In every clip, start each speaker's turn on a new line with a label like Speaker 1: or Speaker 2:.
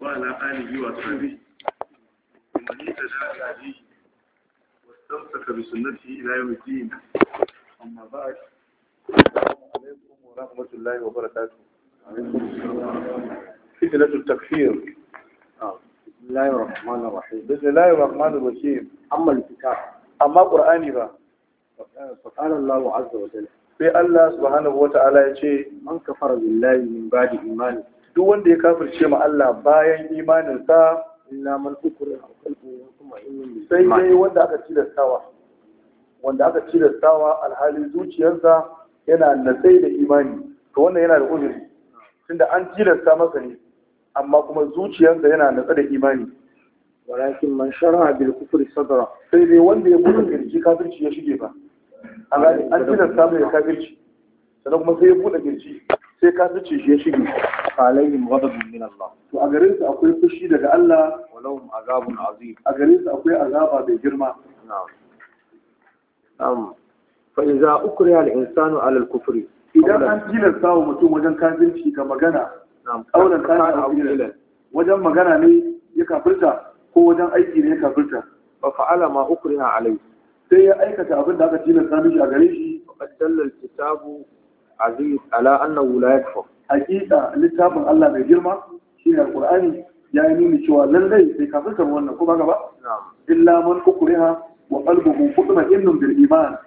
Speaker 1: wa alihi wa sahbihi man yatadaa alayhi wa istamsaka bi sunnati ila yawm al-din amma ba'd alaykum wa rahmatullahi wa barakatuh fitnatu takfir bismillahir rahmanir rahim bismillahir rahmanir rahim amma al-kitab amma qur'ani ba فقال الله عز وجل في الله سبحانه وتعالى يقول من كفر بالله من بعد إيمانه duk wanda ya kafirce ma Allah bayan imaninsa illa man ukriha
Speaker 2: sai dai wanda
Speaker 1: aka tilastawa wanda aka tilastawa alhali zuciyarsa yana natsai da imani to wannan yana da uzuri tunda an tilasta masa ne amma kuma zuciyarsa yana natsa da imani walakin man shara'a bil kufri sadra sai dai wanda ya buɗe kirji kafirci ya shige ba
Speaker 2: a gani an tilasta mai
Speaker 1: kafirci sannan kuma sai ya buɗe kirji sai kafirci shi ya shige falaihim ghadabun min Allah to a garin su akwai fushi daga Allah walahum azabun azim a garin su akwai azaba mai girma
Speaker 2: na'am
Speaker 1: fa idza ukriha al-insanu ala al-kufr idan an tilasta wa mutum wajen kafirci ga magana na'am kaulan kafirci wajen magana ne ya kafirta ko wajen aiki ne ya kafirta fa fa'ala ma ukriha alayhi sai ya aikata abin da aka tilasta mishi a garin shi faqad dalla al-kitabu aziz ala annahu la yakfur hakika littafin Allah mai girma shi ne Alƙur'ani ya yi nuni cewa lallai sai kafin karɓi wannan ko ba illa man kukuriha wa qalbuhu innum bil iman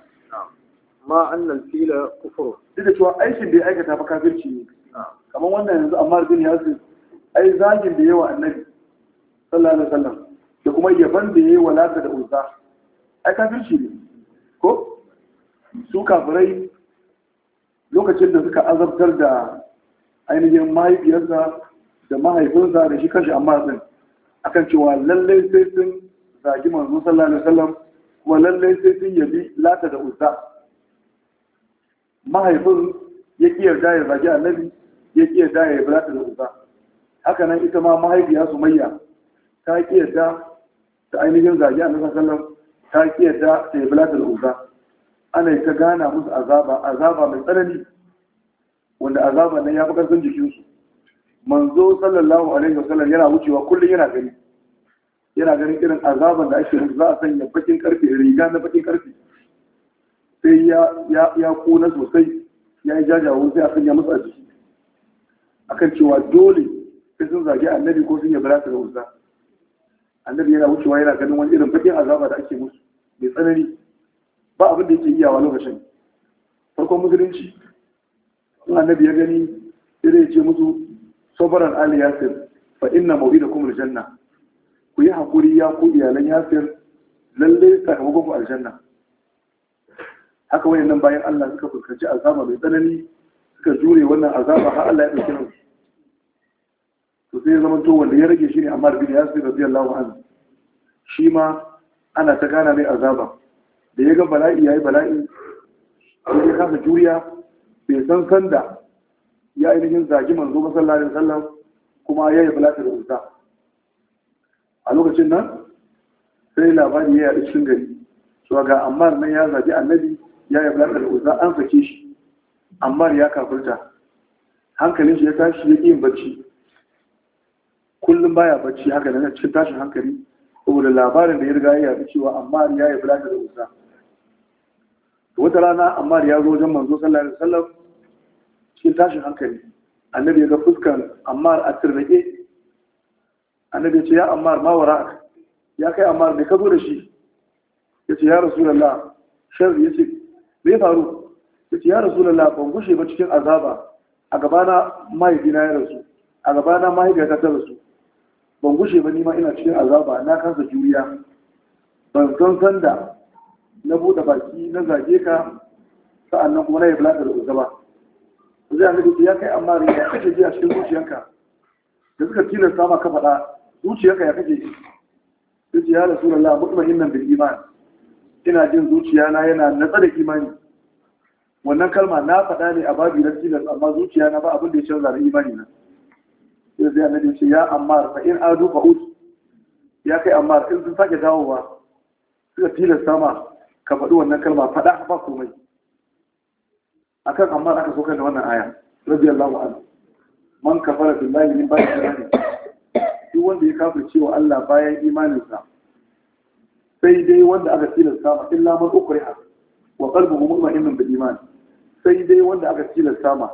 Speaker 1: ma annal fila kufur duk da cewa aikin da ya aikata ba kafirci ne kamar wannan yanzu amma bin yasir ai zagin da yawa annabi sallallahu alaihi wasallam da kuma yaban da yayi walaka da ulza ai kafirci ne ko su kafirai lokacin da suka azabtar da ainihin mahaifiyarsa da mahaifinsa da shi kashi amma a akan cewa lallai sai sun zagi manzo sallallahu alaihi wasallam kuma lallai sai sun yabi lata da uzza mahaifin ya ki yarda ya zagi annabi ya ki yarda ya yabi lata da uzza haka nan ita ma mahaifiya sumayya ta ki yarda ta ainihin zagi annabi sallallahu alaihi wasallam ta ki yarda ta yabi lata da uzza ana ta gana musu azaba azaba mai tsanani wanda azaban nan ya fi karfin jikinsu manzo sallallahu alaihi wasallam yana wucewa kullum yana gani yana ganin irin azaban da ake za a sanya bakin karfe riga na bakin karfe sai ya kona sosai ya yi jajawo sai a sanya masa jiki akan cewa dole sai sun zage annabi ko sun yi bala daga wuta annabi yana wucewa yana ganin wani irin bakin azaba da ake musu mai tsanani ba abin da yake iyawa lokacin farkon musulunci in annabi ya gani sai ya ce musu sabaran ali yasir fa inna maw'idakum aljanna ku yi hakuri ya ku iyalan yasir lalle sakamakon ku aljanna haka wani nan bayan Allah suka fuskanci azaba mai tsanani suka jure wannan azaba har Allah ya dauke nan to sai zama to wanda ya rage shi ne Ammar bin Yasir radiyallahu anhu shi ma ana ta gana mai azaba da ya ga bala'i yayi bala'i sai ya kasa juriya bai san sanda ya ainihin zagi manzo masallar sallallahu sallar, kuma ya yi bulata da wuta a lokacin nan sai labari ya yi cikin gari so ga amma nan ya zagi annabi ya yi bulata da wuta an fake shi amma ya kafurta. hankalin shi ya tashi ya yin bacci kullum baya bacci haka nan cikin tashin hankali saboda labarin da ya riga ya yi cewa amma ya yi bulata da wuta wata rana ammar ya zo wajen manzo sallallahu alaihi wasallam cikin tashin hankali annabi ya ga fuskan ammar a tirnake annabi ya ce ya ammar ma wara ya kai ammar ne ka zo da shi ya ce ya rasulullah sharri ya ce me faru ya ce ya rasulullah ban gushe ba cikin azaba a gabana mahaifina ya rasu a gabana mahaifiyata ta rasu ban gushe ba ni ma ina cikin azaba na kasa juriya ban san sanda na buɗe baki na zage ka sa'annan kuma na yi bulatar da ba zai zai annabi ya kai amma rai ya kake ji a cikin zuciyanka da suka sama ka faɗa zuciyanka ya kake sai ya rasulullah nan da iman ina jin zuciyana yana nasa da imani wannan kalma na faɗa ne a babi na tilas amma zuciyana ba abin da ya canza da imani na sai zai annabi ce ya amma fa in adu fa ya kai ammar in sun sake dawowa suka tilar ma ka faɗi wannan kalma faɗa ba komai akan amma aka so kan da wannan aya radiyallahu anhu man kafara billahi min ba'di imani duk wanda ya kafirce cewa Allah bayan imaninsa sai dai wanda aka tilasta ma illa man ukriha wa qalbuhu mutma'innun bil iman sai dai wanda aka tilasta ma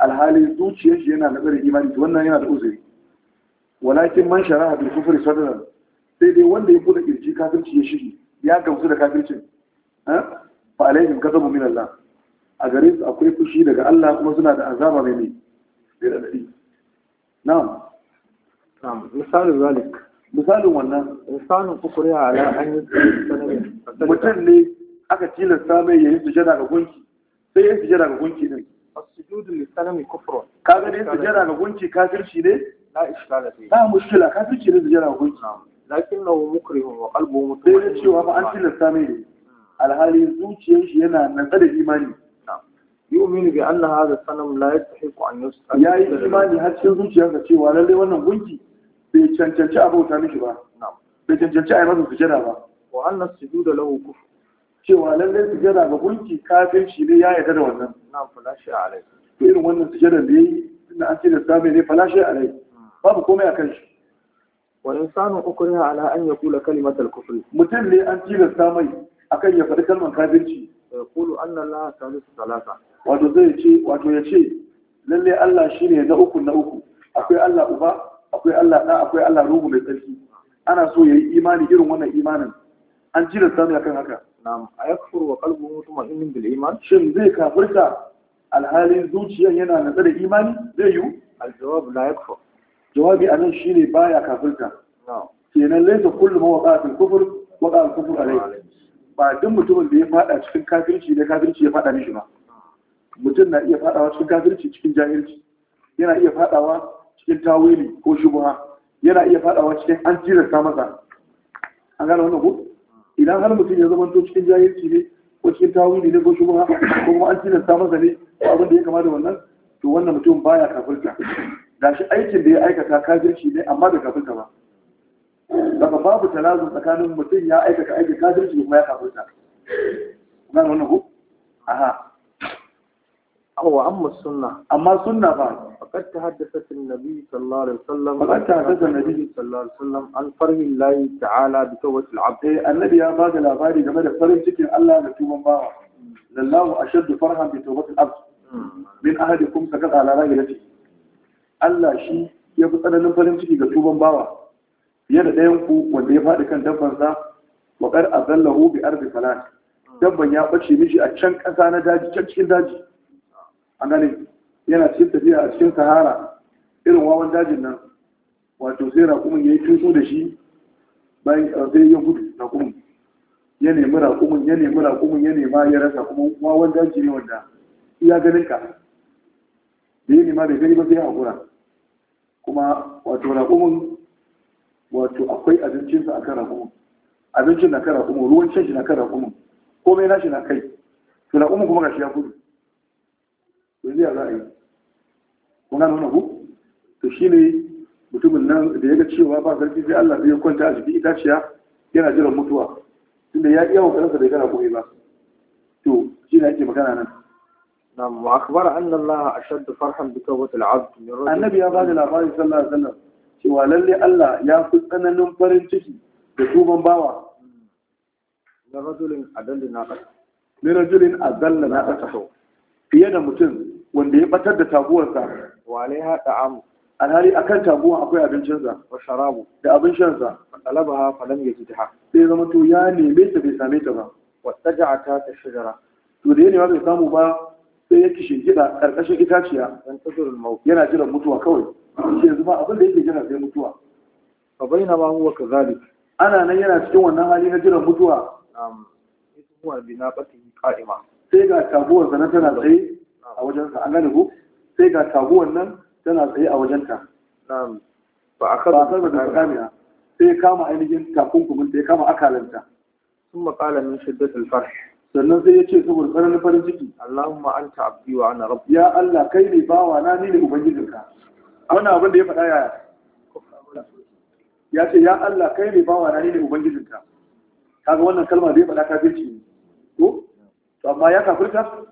Speaker 1: alhali zuciyar shi yana nabar imani to wannan yana da uzuri walakin man sharaha bil kufri sadran sai dai wanda ya bude kirji kafirci ya shiri ya gamsu da kafircin Eh? fa alaihim ghadabu min Allah a gare su akwai fushi daga Allah kuma suna da azaba mai mai radadi na'am na'am misalin zalik misalin wannan misalin kukuriya ala an yi mutum ne aka tilasta mai yayin sujada ga gunki sai yayin sujada ga gunki din as-sujudu li sanami kufrun ka ga yayin sujada ga gunki kafirci ne la ishkala fi ba mushkila kafirci ne sujada ga gunki lakinnahu mukrihun wa qalbuhu mutawajjih cewa ba an tilasta mai ne alhali zuciyar shi yana natsa da imani yu'minu bi anna hadha sanam la yastahiqu an yusqa yayi imani har cikin zuciyarsa cewa lalle wannan gunki bai cancanci abauta mishi ba bai cancanci a yi masa sujada ba wa anna sujuda lahu kufr cewa lalle sujada ga gunki kafin shi ne ya yarda da wannan
Speaker 2: na'am falashi alai
Speaker 1: to irin wannan sujada da yayi tunda an ce da sabe ne falashi alai hmm. babu komai a kan shi wa insanu ukriha ala an yaqula kalimatal kufr mutum ne an tilasta mai akan ya faɗi kalmar kafirci
Speaker 2: yaqulu anna allaha salisu salasa wato
Speaker 1: zai ce wato ya ce lalle Allah shine na uku na uku akwai Allah uba akwai Allah da akwai Allah ruhu mai tsarki ana so yayi imani irin wannan imanin an jira sani akan haka na'am ayakfur wa qalbuhu mutma'innin bil iman shin zai kafirta alhalin zuciyan yana na da imani zai yi aljawab la yakfur jawabi anan shine baya kafirta na'am kenan laysa kullu mawaqa'atil kufr waqa al-kufr alayhi ba duk mutumin da ya fada cikin kafirci da kafirci ya fada mishi ba mutum na iya fadawa cikin kafirci cikin jahilci yana iya fadawa cikin tawili ko shubuha yana iya fadawa cikin an ta masa an gane wannan ko idan har mutum ya zama cikin jahilci ne ko cikin tawili ne ko shubuha ko kuma an ta masa ne ko abin da ya kama da wannan to wannan mutum baya kafirta gashi aikin da ya aikata kafirci ne amma da kafirta ba daga babu talazu tsakanin mutum ya aikata aikin kafirci kuma ya kafirta
Speaker 2: nan wannan ku aha awa amma sunna amma sunna ba faqad tahaddathat an-nabi sallallahu alaihi wasallam an-nabi
Speaker 1: sallallahu alaihi wasallam an farhi Allah ta'ala bi tawbat al-abd eh, ya bada labari game da farin cikin Allah da tuban bawa lallahu ashaddu farhan bi tawbat al-abd hmm. min ahadikum saqad ala rajulati Allah shi ya fi tsananin farin ciki ga tuban bawa fiye da ɗayan ku wanda ya faɗi kan dabban sa wa qad azallahu bi ardi falat dabban ya bace mishi a can ƙasa na daji can cikin daji an gane yana cikin tafiya a cikin sahara irin wawan dajin nan wato sai raƙumin ya yi tutu da shi bayan eh, sai ya gudu raƙumin ya nemi raƙumin ya nemi raƙumin ya nema ya rasa kuma wawan daji ne wanda iya ganin ka da ya nema bai gani ba sai ya haƙura kuma wato raƙumin wato akwai abincinsa a kan raƙumin abincin na kan raƙumin ruwan shan shi na kan raƙumin komai nashi na kai to raƙumin kuma gashi ya gudu to yanzu za a yi kun gano wani abu to shi ne mutumin nan da ya ga cewa ba sarki sai Allah ya kwanta a jikin itaciya yana jiran mutuwa tunda ya iya kokarinsa bai gana koyi ba to shi ne ake magana nan نعم وأخبر أن الله أشد فرحا بتوبة العبد
Speaker 2: من رجل النبي
Speaker 1: هذا الأبائي صلى الله عليه وسلم cewa lalle Allah ya fi tsananin farin ciki da tuban bawa
Speaker 2: na rajulin adalla na ƙasa
Speaker 1: Ni rajulin na ƙasa fiye da mutum wanda ya batar da taguwarsa wa haɗa amu. alhali kan taguwan akwai abincinsa wa sharabu da abin shansa ha talabaha ya lam yajidha sai zama to ya neme ta bai same ta ba wa a ta shigara. to da nema bai samu ba sai ya kishin gida karkashin itaciya yana jiran mutuwa kawai shi yanzu ba abin da yake jira sai mutuwa fa baina ma huwa kazalik ana nan yana cikin wannan hali na jiran mutuwa um huwa binabati qa'ima sai ga taguwar sa tana tsaye a wajen an gane ku? sai ga taguwar nan tana tsaye a wajen ba
Speaker 2: a fa akhadha bi qamiha
Speaker 1: sai ya kama ainihin takunkumin ta ya kama akalanta ثم قال من شدة الفرح sannan sai ya ce saboda tsananin farin ciki Allahumma anta abdi wa ana rabbi ya Allah kai ne bawa na ni ne ubangijinka wannan abin da ya faɗa yaya ya ce ya Allah kai ne bawa na ne ubangijinka kaga wannan kalma da ya faɗa kafirci ne to to amma ya kafirta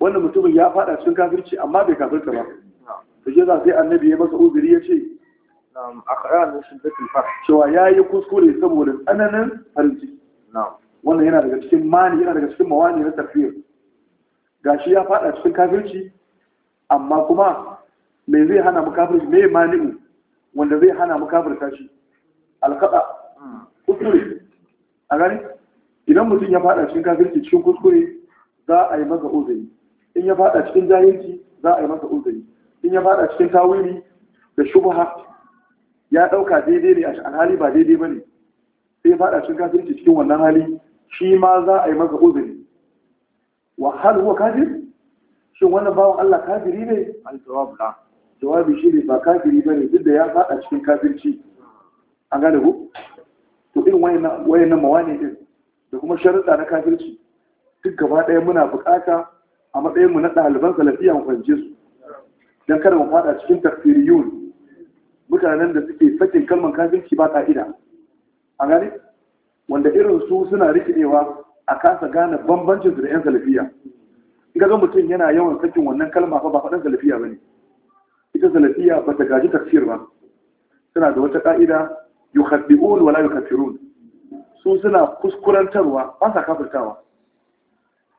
Speaker 1: wannan mutumin ya faɗa cikin kafirci amma bai kafirta ba to je za sai annabi ya masa uzuri ya ce akhran shiddatul farh cewa yayi kuskure saboda tsananin farin ciki wannan yana daga cikin mani yana daga cikin mawani na tafiyar gashi ya faɗa cikin kafirci amma kuma me zai hana mu kafirci me mani'u wanda zai hana mu kafirta shi alkaɗa kuskure a gani idan mutum ya fada cikin kafirci cikin kuskure za a yi masa uzuri in ya fada cikin jahilci za a yi masa uzuri in ya fada cikin tawili da shubha ya dauka daidai ne a shi hali ba daidai ba ne sai ya fada cikin kafirci cikin wannan hali shi ma za a yi masa uzuri wa hal huwa kafir shin wannan bawan Allah kafiri ne al-jawab la jawabi shi ne ba kafiri ba ne duk da ya faɗa cikin kafirci A gane ku to irin wayannan mawane din da kuma sharuɗa na kafirci duk gaba ɗaya muna buƙata a matsayin mu na ɗaliban salafiya mu fahimce su dan kada mu faɗa cikin takfiriyun mutanen da suke sakin kalmar kafirci ba ka'ida a gane wanda irin su suna rikidewa a kasa gane bambancin su da 'yan salafiya in ga mutum yana yawan sakin wannan kalma fa ba faɗin salafiya ba ne ita salafiya ba ta gaji tafsir ba suna da wata ka'ida yukaddi'un wala yukaffirun su suna kuskurantarwa ba sa kafirtawa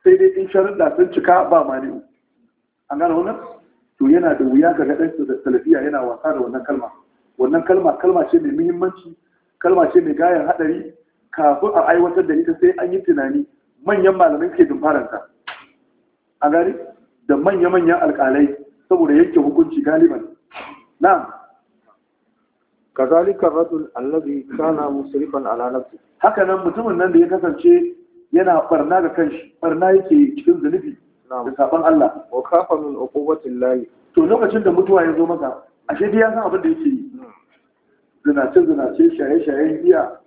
Speaker 1: sai dai in sharuɗa sun cika ba mani an gane wannan to yana da wuya ga su da salafiya yana wasa da wannan kalma wannan kalma kalma ce mai muhimmanci kalma ce mai gayan haɗari kafin a aiwatar da ita sai an yi tunani manyan malamai ke dumfaranta a gari da manya-manyan alƙalai saboda yanke hukunci galiban na kazalika radul allazi kana musrifan ala nafsi haka nan mutumin nan da ya kasance yana barna ga kanshi barna yake cikin zunubi
Speaker 2: da saban Allah
Speaker 1: wa kafa min uqubati llahi to lokacin da mutuwa ya zo maka ashe dai ya san abin da yake yi hmm. zinace zinace shaye shaye biya,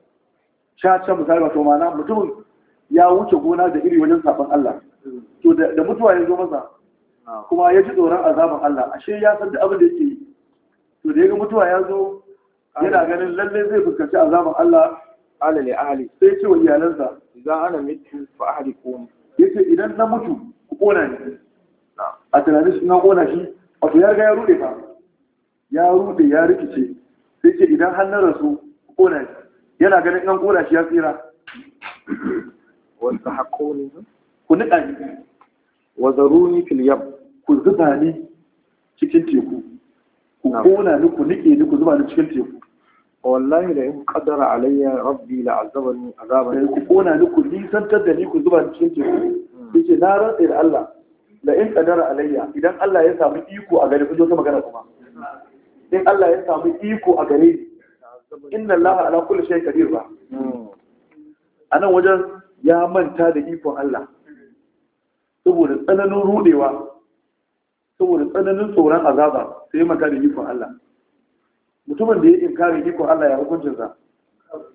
Speaker 1: sha ta misali wato ma'ana mutumin ya wuce gona da iri wajen saban Allah hmm. to da mutuwa ya zo masa kuma ya ji tsoron azaban Allah ashe ya san da abin da yake yi to da yaga mutuwa ya zo yana ganin lalle zai fuskanci azaban Allah alali li ahli sai ce wa iyalansa idan ana mutu fa ahli qum yace idan na mutu ku kona ni a tunanin shi na kona shi wato ya riga ya rude fa ya rude ya rikice sai ce idan har na rasu ku kona ni yana ganin an kona shi ya tsira wanda hakko ku niƙa ni wa filiyam ku zuba ni cikin teku ku kona ni ku nike ni ku zuba ni cikin teku wallahi da in qaddara alayya rabbi la azabani azaban eh, ku kona ni ku nisantar da ni ku zuba ni cikin teku hmm. yace na rantsa da Allah la in qaddara alayya idan Allah ya samu iko a gare ku zo ta magana kuma in Allah ya samu iko a gare ni inna Allah ala kulli shay qadir ba hmm. anan wajen ya manta da ikon Allah saboda tsananin rudewa saboda tsananin tsoron azaba sai ya makarin ikon Allah mutumin da ya inkari ikon Allah ya hukuncin sa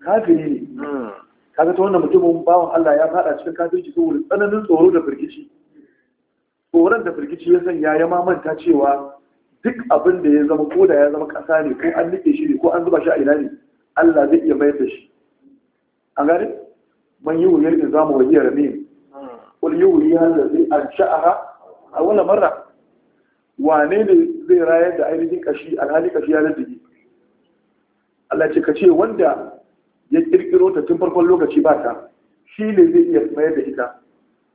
Speaker 1: kafiri ne kaga ta wannan mutumin bawan Allah ya fada cikin kafirci saboda tsananin tsoro da firgici tsoron da firgici ya sanya ya mamanta cewa duk abin da ya zama ko da ya zama kasa ne ko an nike shi ne ko an zuba shi a ina ne Allah zai iya mayar da shi an gani man yi wuyar in zamu wajiyar ne an sha'aha a wani marra wane ne zai rayar da ainihin kashi alhali kashi ya lantarki Allah ce ka ce wanda ya kirkiro ta tun farkon lokaci ba ta shi ne zai iya mayar da ita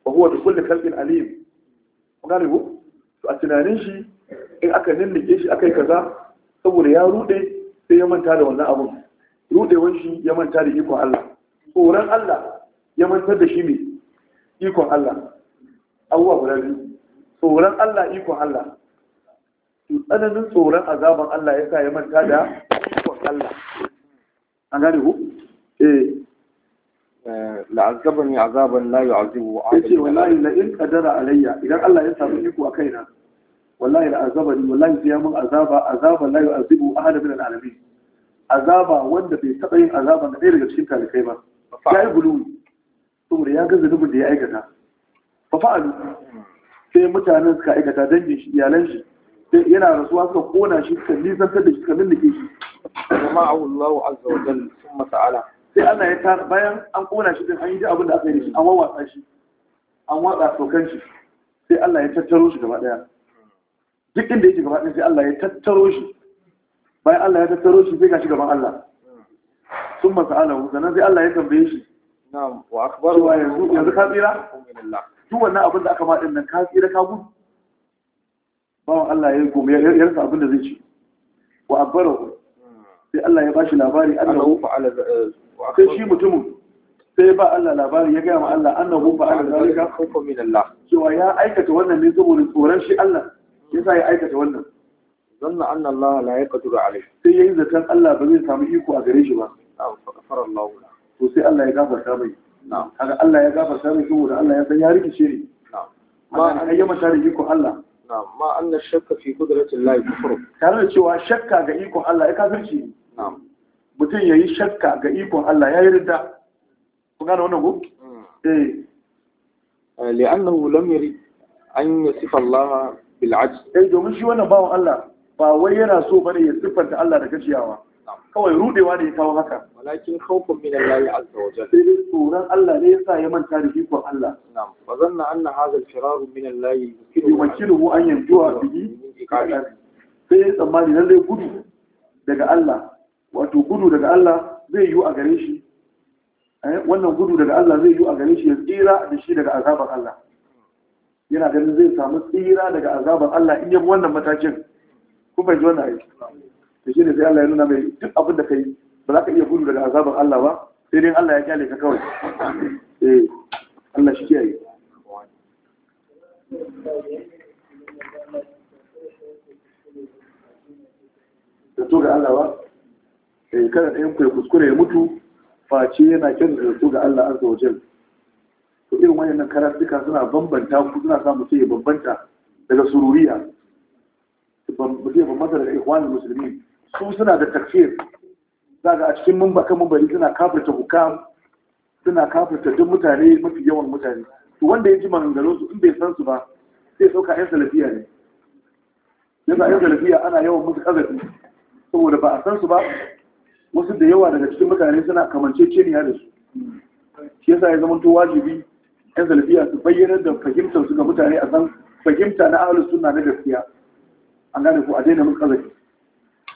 Speaker 1: ba kuwa da kulle kalbin alim ku gane ku to a tunanin shi in aka nillike shi akai kaza saboda ya rude sai ya manta da wannan abun rudewan shi ya manta da ikon Allah tsoron Allah ya manta da shi ne ikon Allah abubuwa guda biyu tsoron Allah ikon Allah tsananin tsoron azaban Allah ya sa ya manta da ikon Allah an gane ku eh, eh ne azaban layu azibu. yu'azibu ce wallahi la in qadara alayya idan Allah ya samu iko a kaina wallahi ne, wallahi sai mun azaba azaba la yu'azibu ahad min al'alamin azaba wanda bai taɓa yin azaban da ɗaya daga cikin talikai ba Ya yi guluwi saboda ya gaza zunubin da ya aikata fa fa'alu sai mutanen suka aikata dangin shi iyalan shi yana rasuwa suka kona shi suka nisantar da shi suka lullube shi jama'ahu Allahu azza wa jalla sun ta'ala sai Allah ya tara bayan an kona shi din an yi abin da aka yi da shi an wawatsa shi an watsa saukan shi sai Allah ya tattaro shi gaba daya duk inda yake gaba daya sai Allah ya tattaro shi bayan Allah ya tattaro shi sai shi gaban Allah summa ta'ala sannan sai Allah ya tambaye shi na'am wa yanzu ka tsira duk wannan abin da aka ma din nan ka tsira ka gudu bawan Allah ya abin da zai ci wa akbarahu sai Allah ya bashi labari annahu eh, sai shi mutumin sai ba Allah labari ya gaya ma Allah annahu fa'ala zalika khawfan min ya aikata wannan ne saboda tsoron shi Allah yasa ya aikata wannan zanna sai zaton Allah ba zai samu iko a gare shi ba to sai Allah ya gafarta mai kaga Allah ya gafarta mai saboda Allah ya san ya rikice ne
Speaker 2: ma an yi mata
Speaker 1: da iko Allah ma anna shakka fi qudratillah kufur tare da cewa shakka ga iko Allah ya kafirci mutum ya yi shakka ga iko Allah ya yi ridda Ku gane wannan ko hmm. eh لأنه لم يرد أن يصف الله بالعجز. إيه دومشي وأنا باو الله باوي أنا ya بني Allah da نكشيها kawai rudewa ne ya kawo haka
Speaker 2: walakin khawfun min Allah azza wa jalla
Speaker 1: tsoron Allah ne yasa ya manta da ikon Allah na'am fa zanna anna hadha al-firar min Allah yukilu an yanjuwa bihi sai ya tsammani lalle gudu daga Allah wato gudu daga Allah zai yi a gare shi eh, wannan gudu daga Allah zai yi a gare shi ya tsira da shi daga azabar Allah yana ganin zai samu tsira daga azabar Allah in yabi wannan matakin kuma ji wannan aiki da shi ne sai Allah ya nuna mai duk abin da kai ba za ka iya gudu daga azabar Allah ba sai dai Allah ya kyale ka kawai eh Allah shi kiyaye da to ga Allah ba eh kada ɗayan ku ya kuskure ya mutu face yana kiran da to ga Allah azza wa jalla to irin wannan karatuka suna bambanta ku suna sa mutum ya bambanta daga sururiya mutum ya bambanta daga ikhwanul muslimin su suna da tafsir ga a cikin baka kan bari suna kafirta hukam suna kafirta duk mutane mafi yawan mutane to wanda ya ji maganganun su in bai san su ba sai sauka yan salafiya ne Yanzu yan salafiya ana yawan musu kazafi saboda ba a san su ba wasu da yawa daga cikin mutane suna kamanceceniya da su shi yasa ya zama wajibi yan salafiya su bayyana da fahimtar su ga mutane a san fahimta na ahlus sunna na gaskiya an gane ko a daina musu kazafi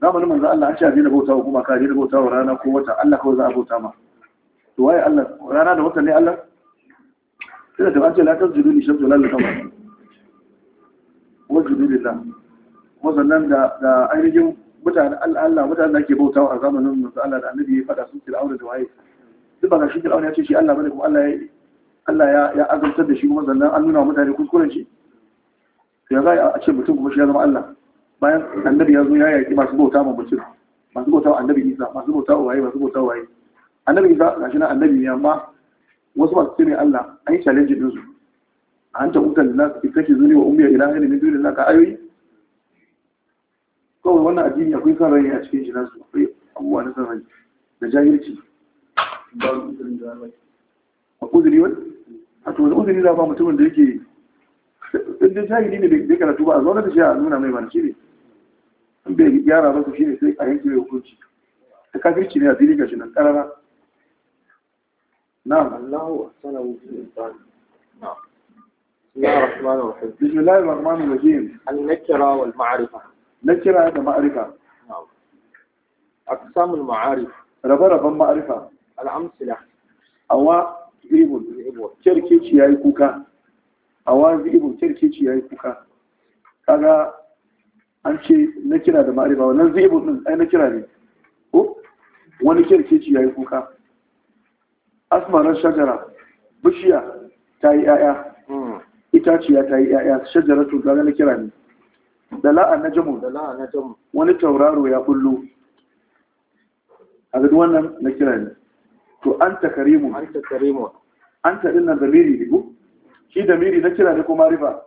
Speaker 1: zamanin manzo Allah an ce a daina bauta wa kuma ka daina bauta wa rana ko wata Allah kawai za a bauta ma to waye Allah rana da wata ne Allah sai da tabbacin la tasjudu li shamsi lalla kama wajudu lillah kuma sannan da da ainihin mutane Allah mutane da ke bauta a zamanin manzo Allah da annabi ya fada sun fir'auna da waye duk ba ga shi fir'auna ya ce shi Allah bane kuma Allah ya Allah ya ya da shi kuma sannan an nuna mutane kuskuren shi ya ga a ce mutum kuma shi ya zama Allah bayan annabi ya zo ya yaki masu bauta ma mutum masu bauta annabi isa masu bauta waye masu bauta waye annabi isa gashi na annabi ne amma wasu masu ce Allah an yi challenge din su A an ta utan nas itake zuni wa ummiya ila hayni min dunillah ka ayoyi kawai wannan addini akwai kan rai a cikin shi nasu akwai abubuwa na san rai da jahilci
Speaker 2: a
Speaker 1: uzuri wani a to wani uzuri za ba mutumin da yake in dai jahili ne bai karatu ba a zaune da shi a nuna mai mana shi ne bai gyara ba su shi ne sai a yanki mai hukunci ta kafirci ne a zini shi nan karara na allahu a sana wuce ne ba ne na rahmanu rahim bismillahir rahmanir rahim an nakira wal ma'arifa nakira da ma'arifa aqsamul ma'arif raba raban ma'arifa al amsila awa zibu zibu cerkeci yayi kuka awa zibu cerkeci yayi kuka kaga an ce na kira da ma'arifa Nan zai din ai na kira ne ko wani kirkeci ya yi kuka asmanar shajara bishiya ta yi ‘ya'ya hmm. itaciya ta yi ‘ya'ya shajara tun gaga na kira ne da la'a na jamu wani tauraro ya kullu a gadi wannan na kira ne to an ta karimu an ta ɗin nan da miri ne shi da miri na kira ne ko marifa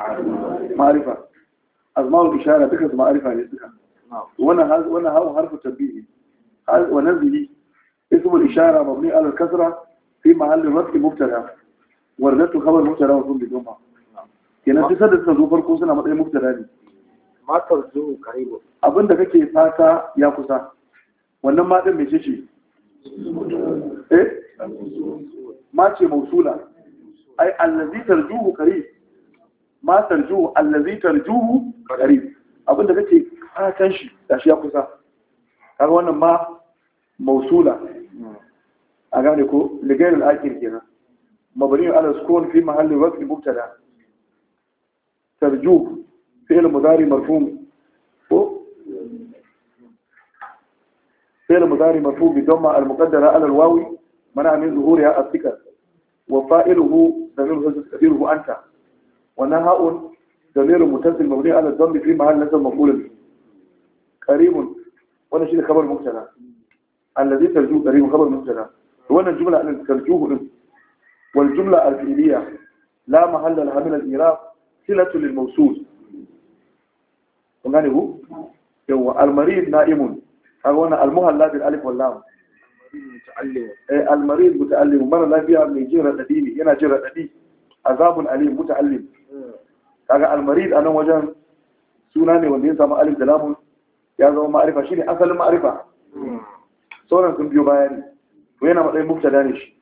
Speaker 1: ma'arifa azma'ul ishara duka su ma'arifa ne duka wannan hawan harfu tabbihi wa nazili ismul ishara mabni ala kasra fi mahallin rafi mubtada wardatu khabar mubtada wa sun bidumma kenan duk da suka zo farko suna matsayin mubtada ne matar zuwa karibu abinda kake fata ya kusa wannan ma mai ce ce eh ma ce mausula ai allazi tarjuhu qarib ma tarjuhu allazi tarjuhu qarib abinda kake fatan shi shi ya kusa kaga wannan ma mausula a gane ko ligayr al-akhir kenan mabni ala sukun fi mahalli wasl mubtada tarjuhu fi'l mudari marfu ko fi'l mudari marfu bi damma al-muqaddara ala al-wawi mana min zuhuriha al thiqa wa fa'iluhu damiru hasb kadiruhu anta ونهاء ضمير متصل مبني على الضم في محل نزل مفعول قريب وانا شيء خبر مبتدا الذي ترجوه قريب خبر مبتدا وانا الجمله ان ترجوه والجمله الفعليه لا محل لها من الاعراب صله للموصول وغاني هو هو المريض نائم هو لا بالالف واللام إيه، المريض متعلم مره لا فيها من جرى الدين هنا جرى الدين عذاب اليم متعلم kaga almarid a nan wajen suna ne wanda ya samu alif da lamun ya zama ma'arifa shine asalin ma'arifa sauran sun biyo baya ne to yana matsayin mubtada ne shi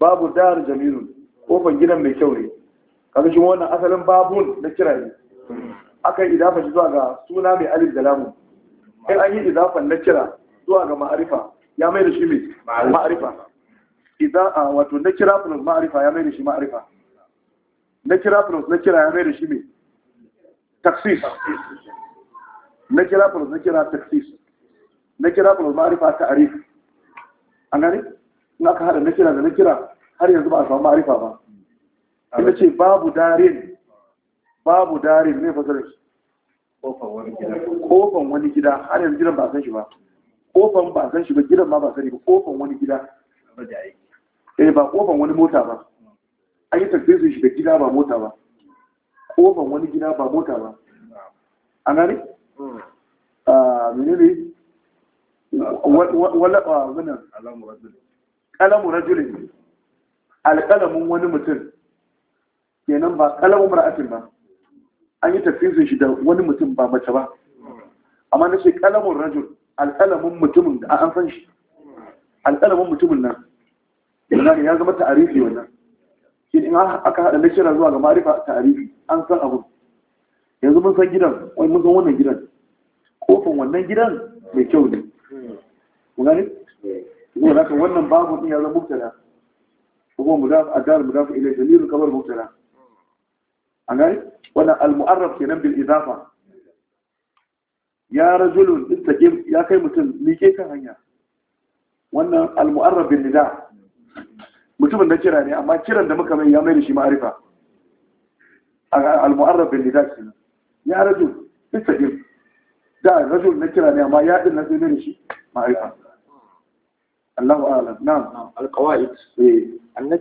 Speaker 1: babu dar jamilun kofar gidan mai kyau ne kaga shi wannan asalin babun na kira ne aka yi idafa shi zuwa ga suna mai alif da lamun in an yi idafa na kira zuwa ga ma'arifa ya mai da shi mai ma'arifa idan wato na kira plus ma'arifa ya mai da shi ma'arifa na kira plus na kira ya mai da shi ne taxis na kira plus na kira taxis na kira plus ma'arifa ta arif an gani in aka hada na kira da na kira har yanzu ba a samu ma'arifa ba ina ce babu darin babu darin ne fasar shi kofan wani gida har yanzu gidan ba a san shi ba kofan ba a san shi ba gidan ma ba a sani ba kofan wani gida ba eh, ba kofan wani mota ba an yi takfisin shi da gida ba mota ba ƙofan wani gida ba mota ba a ne? a menene wala ba wannan ah, kalamu rajulin alkalamin wani mutum kenan ba kalamun ra'atin ba an yi tafiyin shi da wani mutum ba mace ba hmm. amma na ce kalamun rajul alkalamin mutumin da an san shi hmm. alkalamin mutumin nan ya zama ta'arifi wannan shi in aka haɗa na kira zuwa ga marifa tarihi an san abu yanzu mun san gidan wai mun san wannan gidan kofin wannan gidan mai kyau ne mu gani zuwa da wannan babu din ya zama mubtada kuma mu mudaf adar mudaf ila dalil kamar mubtada an gani wannan al mu'arraf kenan bil idafa ya rajulun istaqim ya kai mutum miƙe kan hanya wannan al mu'arraf bil nida mutumin da kira ne amma kiran da muka mai ya mai da shi ma'arifa al-mu'arraf bil lidas ya rajul istaqim da rajul na kira ne amma ya din na sai ne shi ma'arifa Allahu a'lam na'am al-qawaid eh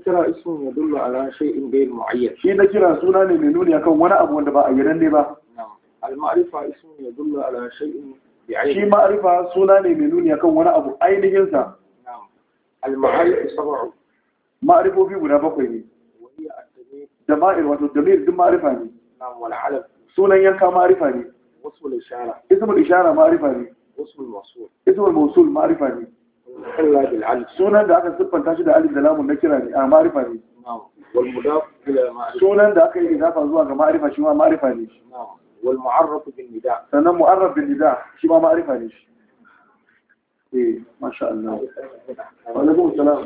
Speaker 1: kira ismun yadullu ala shay'in ghayr mu'ayyan shi na kira suna ne mai nuni akan wani abu wanda ba a yaran ne ba al-ma'rifa ismun yadullu ala shay'in shi ma'rifa suna ne mai nuni akan wani abu ainihin sa al-ma'arif sab'u ma'arifofi guda bakwai ne da ma'ir wato damir duk ma'arifa ne sunan yanka ma'arifa ne ismul ishara ma'arifa ne
Speaker 2: ismul
Speaker 1: mausul ma'arifa
Speaker 2: ne
Speaker 1: sunan da aka siffanta shi da alif da lamun na kira ne a ma'arifa ne sunan da aka yi idafa zuwa ga ma'arifa shi ma ma'arifa ne والمعرف بالنداء سنة معرف بالنداء شي ما معرفة ليش
Speaker 2: ايه ما شاء الله وعليكم السلام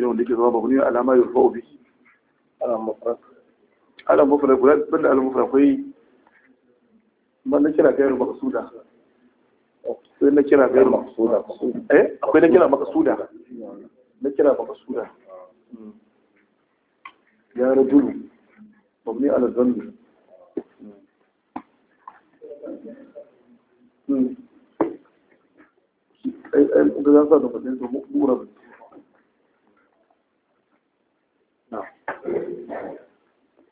Speaker 1: shi wanda yake zama mabni alama yurfa'u bihi alam mufrad guda banda ban na kira gairu maqsuda akwai na kira gairu eh akwai na kira na kira ya rajulu mabni ala hmm. ai ai da zan sa da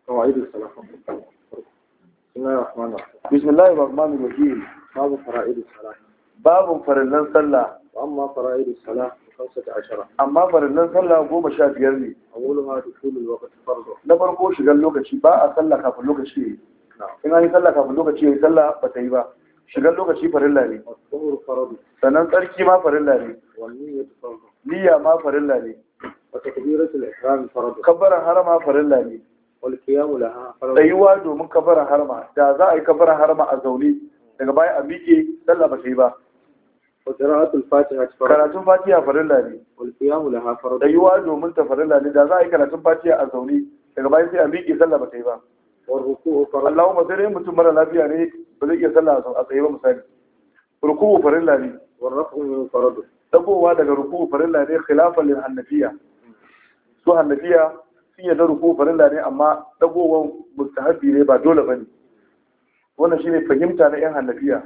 Speaker 1: قواعد الصلاة بسم الله الرحمن الرحيم بسم الله الرحمن الرحيم باب فرائض الصلاه باب فرائض الصلاه واما فرائض الصلاه
Speaker 2: خمسة عشرة
Speaker 1: أما فرلن صلاة قوم شاف يرمي أولها دخول الوقت فرضه نبر قوش قال لوكا شي باء صلى كافر لوكا شي إن أنا صلى كافر لوكا شي صلى بتيبا shigar فرض سنن تركي ما tsarki ma farilla
Speaker 2: ne
Speaker 1: niyya ma farilla ne takbiratul ihram harama farilla ne wal qiyamu laha farad harama da za a yi kabbaran harama a zaune daga baya a miƙe sallah ba sai ba wa qira'atul fatiha farad karatun fatiha domin ta farilla ne da za a yi karatun fatiha a zaune daga baya sai a miƙe sallah ba sai ba wal ruku'u farad mutum mara lafiya ne ba zai iya sallah a ba misali daga su hannabiya sun yarda ko farilla ne amma dagowan mustahabi ne ba dole ba ne. wannan shine fahimta na yan hannabiya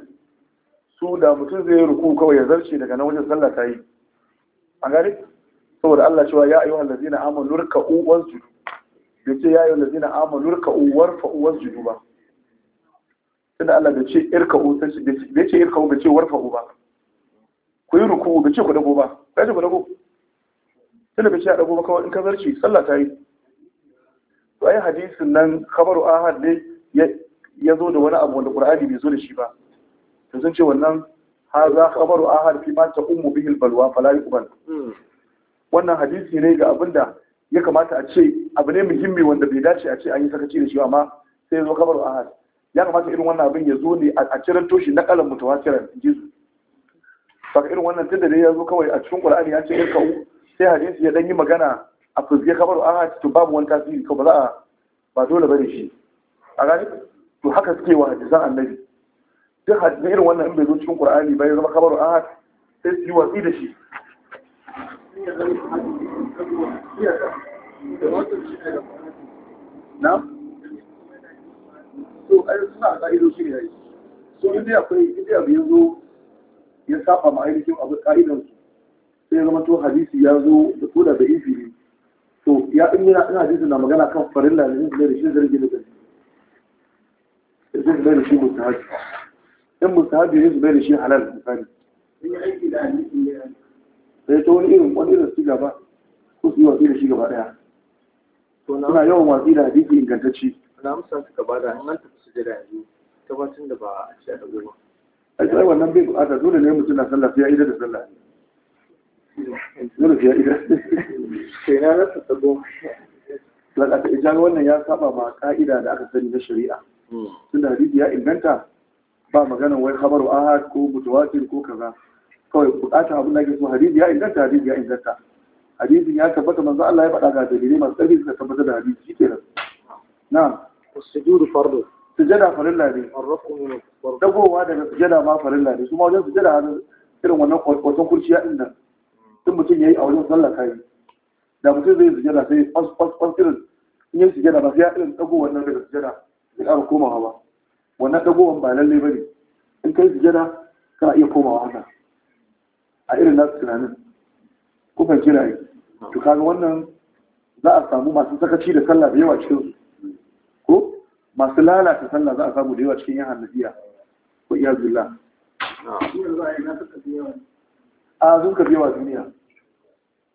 Speaker 1: su da mutum zai yi ruku kawai ya zarce daga nan wajen sallah ta yi a gari saboda Allah cewa ya ayyuhal ladzina amanu ruk'u wasjudu bai ce ya ayyuhal Lazina amanu ruk'u warfa'u wasjudu ba tunda Allah bai ce irka'u sai bai ce irka'u bai ce warfa'u ba ku yi ruku bai ce ku dago ba sai ku dago tunda bai sha dago ba kawai in ka zarci sallah ta yi to ai hadisin nan khabaru ahad ne ya zo da wani abu wanda qur'ani bai zo da shi ba to sun ce wannan haza khabaru ahad fi ma ta'ummu bihi albalwa fala yuqbal hmm. wannan hadisi ne ga abinda ya kamata a ce abu ne muhimmi wanda bai dace a ce an yi sakaci da shi amma sai ya zo khabaru ahad ya kamata irin wannan abin ya zo ne a kiran toshi na kalan mutawatiran jizu saka irin wannan tunda dai ya zo kawai a cikin qur'ani ya ce irka'u sai hadisi ya dan yi magana a fuzge kamar a haka to babu wani tasiri ko ba za a ba dole bane shi a gani to haka suke wa hadisan annabi duk hadisi irin wannan in bai zo cikin qur'ani ba ya zama kamar a haka sai su yi watsi da shi na? so ai suna a shi ne so indiya akwai indiya bai zo ya saba ma ainihin abu ƙa'idansu sai ya zama to hadisi ya zo da koda da ifi ne to ya in yana ina hadisi na magana kan farilla ne zai da shi zargi da zargi zai zai da shi mustahabi in mustahabi ne zai da shi halal misali sai ta wani irin wani irin siga ba ko su yi watsi da shi gaba daya suna yawan watsi da hadisi ingantacci
Speaker 2: na amsa suka bada in ta tafi sujada yanzu ta da ba a ci a dago ba
Speaker 1: a tsawon wannan bai buƙata dole ne mutum na sallah sai ya idar da sallah ne
Speaker 2: idan?
Speaker 1: sai na rasa tabo lakata idan wannan ya saba ma ka'ida da aka sani na shari'a tunda hadisi ya inganta ba magana wai khabaru ahad ko mutawatir ko kaza kawai bukatar abin da ake so hadisi ya inganta hadisi ya inganta hadisin ya tabbata manzo Allah ya faɗa ga dalilai masu tsari suka tabbata da hadisi shi kenan na'am sujudu fardu sujada farilla ne dagowa daga sujada ma farilla ne su ma wajen sujada irin wannan wasan kurciya din nan sun mutum ya yi a wajen sallah kayi da mutum zai sujada sai fas irin in yi sujada ba sai ya irin dago wannan daga sujada ya ƙara komawa ba wannan dagowan ba lallai ba ne in kai sujada kana iya komawa haka a irin nasu tunanin kuka kira yi to kaga wannan za a samu masu sakaci da sallah da yawa cikin ko masu lalata sallah za a samu da yawa cikin yan hannabiya ko iya billah
Speaker 2: na'am
Speaker 1: a sun ka biyawa duniya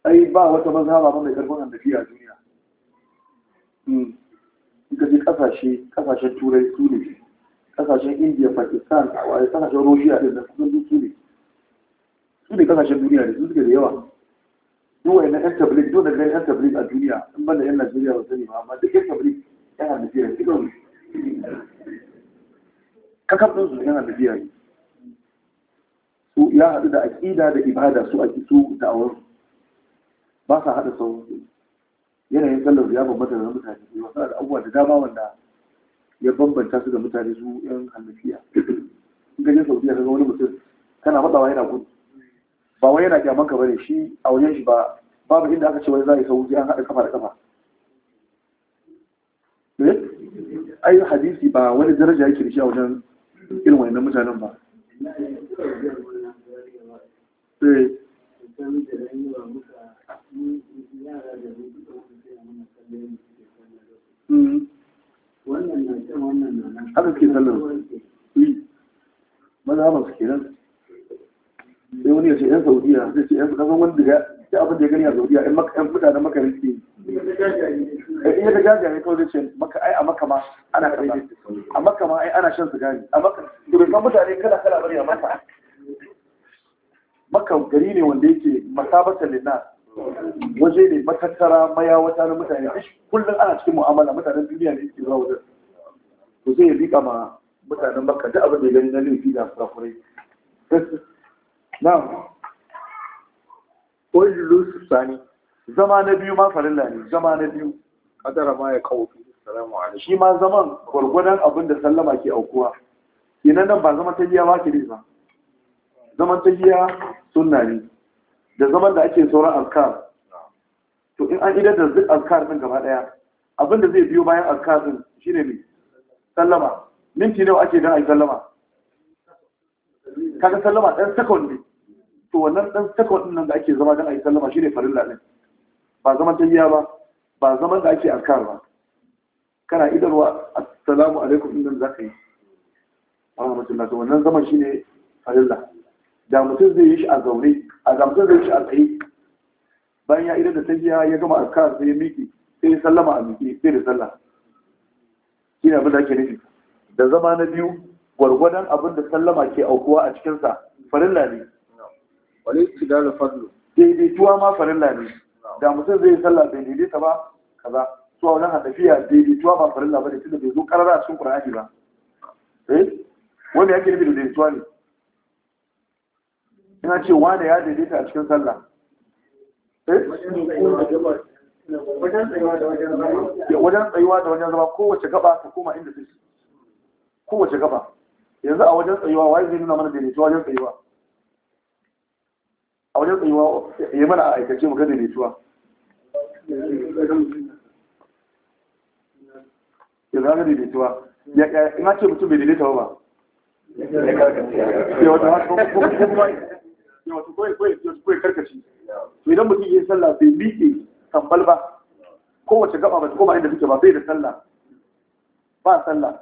Speaker 1: ai ba wata mazhaba ba mai karfin annabi a duniya hmm. ka ji kasashe kasashen turai su ne kasashen india pakistan kasashen russia da na kusan su ne su ne kasashen duniya ne sun suke da yawa duk yana yan tablik duk daga yan tablik a duniya in ban da yan najeriya ba sani ba amma duk yan tablik yana da biya ka kakafin su yana da biya ne su ya haɗu da aƙida da ibada su ake su da'awar ba sa haɗa sauran yanayin sallar ya bambanta da mutane su yi da abubuwa da dama wanda ya bambanta su da mutane su yan halittiya in ka je saudiya ka ga wani mutum kana matsawa yana gudu ba wai yana kyaman ba bane shi a wajen shi ba babu inda aka ce wani za a yi sauki an haɗa kafa da kafa eh? ai hadisi ba wani daraja yake da shi a wajen irin wannan mutanen ba haka ke sallar maza masu kenan sai wani ya yan saudiya zai ce yan kasan Wani ya ce abin da ya gani a saudiya yan mutanen maka rike eh, in ya gaja ne kawai ce maka ai a maka ma ana kaza a maka ma ai ana shan sigari a maka to bai san mutane kala kala bane a maka maka gari ne wanda yake masabata na. waje ne matattara mayawata na mutane kullum ana cikin mu'amala mutanen duniya ne ke zuwa wajen Ku zai rika ma mutanen baka, da abin da gani na laifi da Na na'am lusu sani zama na biyu ma farilla ne zama na biyu kadara ma ya kawo salamu alaikum shi ma zaman gwargwadon abin da sallama ke aukuwa Ina nan ba zama ta biya ba ke ne ba zaman tahiya sunna ne da zaman da ake sauran azkar to in an idar da duk azkar din gaba daya abin da zai biyo bayan azkar din shine ne sallama minti nawa ake dan ai sallama kaga sallama dan second to wannan dan second din nan da ake zama dan ai sallama shine farilla din ba zaman tahiya ba ba zaman da ake azkar ba kana idarwa assalamu alaikum din zaka yi wa rahmatullahi wannan zaman shine farilla da mutum zai yi shi a zaune a gamsar mutum zai shi a tsaye bayan ya idan da tafiya ya gama azkar sai ya miƙe sai ya sallama a miƙe sai da sallah shi ne abin da ake nufi da zama na biyu gwargwadon abin da sallama ke aukuwa a cikinsa farilla ne Wani su da daidaituwa ma farilla ne da mutum zai sallah bai daidaita ba kaza su a wajen hadafiya daidaituwa ba farilla ba da tunda bai zo karara a cikin qur'ani ba eh wanda ake nufi da daidaituwa ne ina ce wane ya daidaita a cikin sallah wajen tsayuwa da wajen zama kowace gaba ta koma inda take kowace gaba yanzu a wajen tsayuwa wa zai nuna mana daidaituwa wajen tsayuwa a wajen tsayuwa ya mana a aikace muka daidaituwa ya zama daidaituwa ina ce mutum bai daidaita ba ya wato kawai kawai wato kawai karkace to idan mutum yin sallah bai miƙe tambal ba kowace gaba ba ta koma inda suke ba bai da sallah ba sallah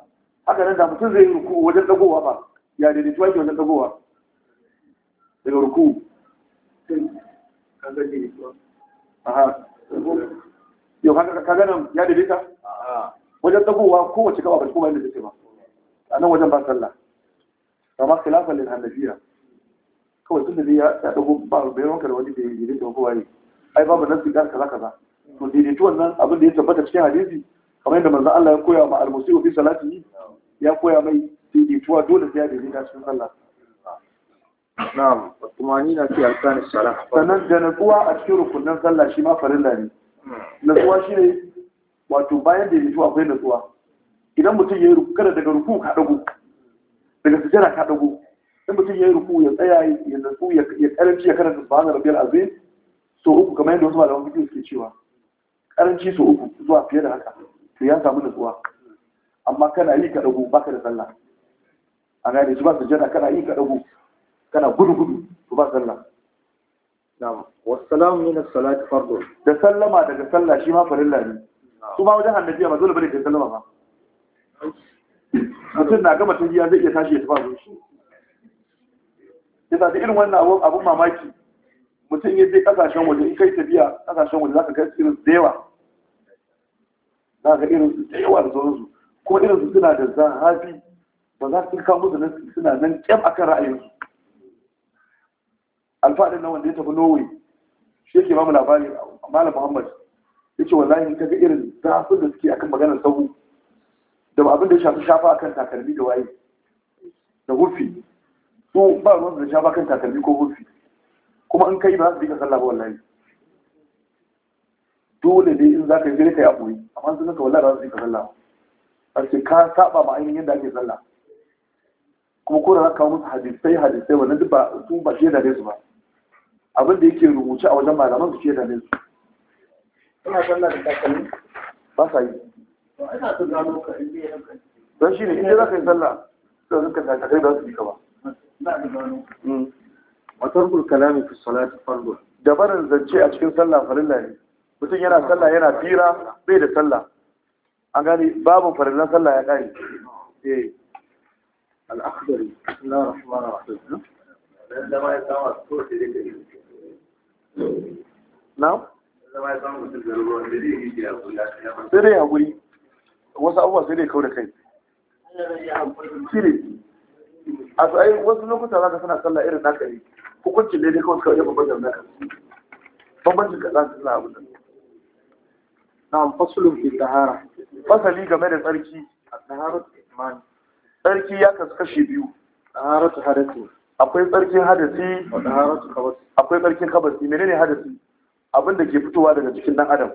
Speaker 1: haka nan da mutum zai yi ruku wajen dagowa ba ya daidaituwa ke wajen dagowa daga ruku yau ka ganin ya daidaita wajen dagowa kowace gaba ba ta koma inda suke ba a nan wajen ba sallah kama khilafan lil hanafiya kawai tun da zai ya dago ba bayan wanka da wani da ya da kowa ne ai babu nan sigar kaza kaza to daidaitu wannan abin da ya tabbata cikin hadisi kamar yadda manzon Allah ya koya ma almusiu fi salatihi ya koya mai daidaituwa dole sai ya daidaita cikin sallah na'am tumani na fi alkan salah Sannan da natsuwa a cikin rukunin sallah shi ma farilla ne natsuwa shi ne wato bayan daidaituwa akwai natsuwa idan mutum ya yi kada daga ruku ka dago daga sujjada ka dago in mutum ya yi ruku ya tsaya ya nasu, ya karanci ya karanta subhana a azim so uku kamar yadda wasu malaman fiqh suke cewa karanci so uku zuwa fiye da haka to ya samu nutsuwa. amma kana yi ka dago baka da sallah a gane shi ba su jana kana yi ka dago kana gudu gudu to ba sallah na'am wassalamu min as-salati fardu da sallama daga sallah shi ma farilla ne su ma wajen annabi ba dole bane ka sallama ba mutum na gama tafiya zai iya tashi ya tafi a shi ya sa irin wannan abun mamaki mutum ya je kasashen waje in kai tafiya kasashen waje za ka ga irin zewa za ka irin da yawa da sauransu kuma irin su suna da zahabi ba za su kawo da nasi suna nan kyam a kan ra'ayinsu Alfaɗin nan wanda ya tafi norway shi yake mamu labari malam muhammad ya ce wallahi ka ga irin zafin da suke akan maganar sabu da abin da ya shafi shafa akan takalmi da waye da hufi su ba ruwan da shafa kan takalmi ko hufi kuma in kai ba su dika sallah ba wallahi dole ne in za ka yi ka yi aboyi amma sun ka wallahi ba su dika sallah ba ce ka saba ma ainihin yadda ake sallah kuma ko da za ka kawo musu hadisai hadisai wannan duk ba su ba shi yadda su ba abin da yake rubuce a wajen malaman su shi yadda su
Speaker 2: ina sallah da takalmi ba sa yi don shi ne inda za
Speaker 1: ka yi sallah sai ka takalmi ba su bi ba wa hmm. tarkul kalami fi salati fardu barin zance a cikin sallah farilla ne mutum yana sallah yana fira bai da sallah an gani babu farillan sallah ya kare eh al-akhdari bismillahir rahmanir rahim dan da mai sama so da dake na sai dai hakuri wasu abubuwa sai dai kau da kai a su ai wasu lokuta za ka suna sallah irin naka ne hukuncin ne kawai suka yi bambancin naka bambancin ka za su suna abu nan na fasulun fi tahara fasali game da tsarki a taharatu imani tsarki ya kasu kashe biyu taharatu hadasi akwai tsarkin hadasi akwai tsarkin kabasi menene hadasi abin da ke fitowa daga cikin dan adam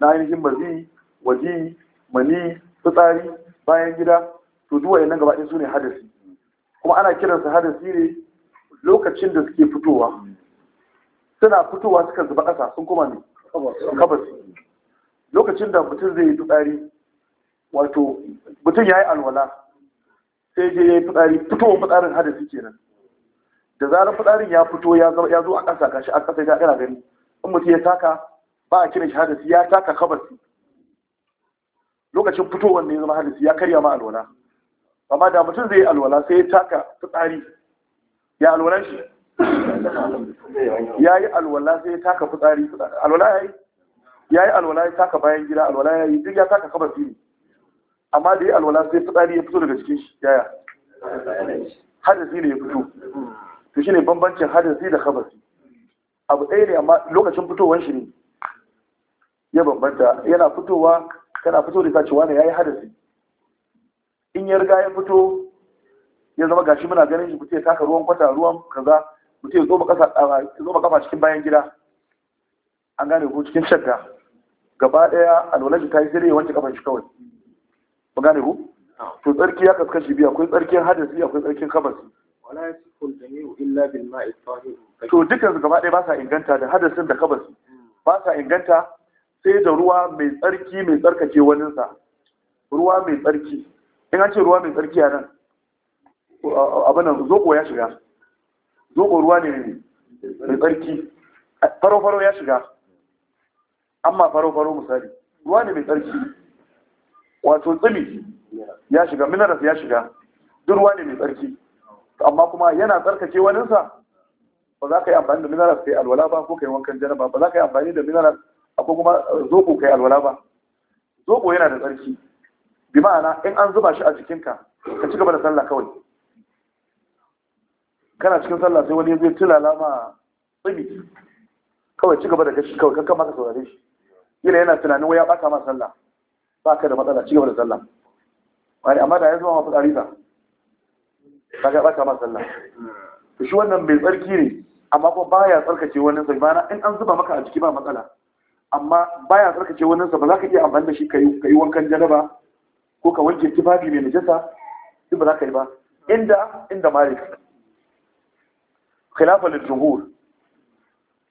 Speaker 1: na ainihin mazi waji mani fitsari bayan gida to duwa yana gaba ɗaya su ne hadasi kuma ana kiransa hadasi ne lokacin da suke fitowa suna fitowa suka zuba ƙasa sun kuma ne kabas lokacin da mutum zai yi tukari wato mutum ya yi alwala sai je ya yi fitsari fitowar fitsarin hadasi kenan da zarar fitsarin ya fito ya zo a ƙasa gashi a ƙasa ya ƙara gani in mutum ya taka ba a kiran shi hadasi ya taka kabasi lokacin fitowar ne ya zama hadasi ya karya ma alwala amma da mutum zai yi alwala sai ya taka fitsari ya alwalan shi ya yi alwala sai ya taka fitsari alwala ya yi ya yi alwala ya taka bayan gida alwala ya yi duk ya taka kaba fili amma da ya alwala sai fitsari ya fito daga cikin shi yaya hadasi ne ya fito to ne bambancin hadasi da khabasi abu ɗaya ne amma lokacin fitowar shi ne ya bambanta yana fitowa kana fito da ta cewa ne yi hadasi ya riga ya fito ya zama gashi muna ganin shi mutum ya taka ruwan kwata ruwan kaza mutum ya tsoma kafa cikin bayan gida an gane ko cikin shagga gaba daya alwalaji ta yi sai ya wanke kafan shi kawai mun gane ko to tsarki ya kaskashi biya biyu akwai tsarkin hadasi akwai tsarkin kabasi to dukkan su gaba daya ba sa inganta da hadasin da kabasi ba sa inganta sai da ruwa mai tsarki mai tsarkake waninsa ruwa mai tsarki in an ce ruwa mai tsarki a nan abinan zoko ya shiga zoko ruwa ne mai tsarki faro-faro ya shiga amma faro-faro misali ruwa ne mai tsarki wato tsimi ya shiga minaras ya shiga duk ruwa ne mai tsarki amma kuma yana tsarkake waninsa ba za ka yi amfani da minaras kai alwala ba ko kai wankan janaba ba za ka yi amfani da minaras akwai kuma eh, zoko kai alwala ba zoko yana da tsarki bi ma'ana in an zuba shi a jikinka ka ci gaba da sallah kawai kana cikin sallah sai wani zai tilala ma tsibi kawai ci gaba da kashi kawai kan kama ka saurare shi yana yana tunanin wai ya baka ma sallah ba ka da matsala ci gaba da sallah wani amma da ya zama mafi ba ka ga baka ma sallah to shi wannan mai tsarki ne amma ko baya tsarkace wani sai ma'ana in an zuba maka a jiki ba matsala amma baya tsarkace wani sa ba za ka iya amfani da shi kai kai wankan jaraba. ko ka wanke tufafi mai najasa duk ba za ka yi ba inda inda malik khilafan al-jumhur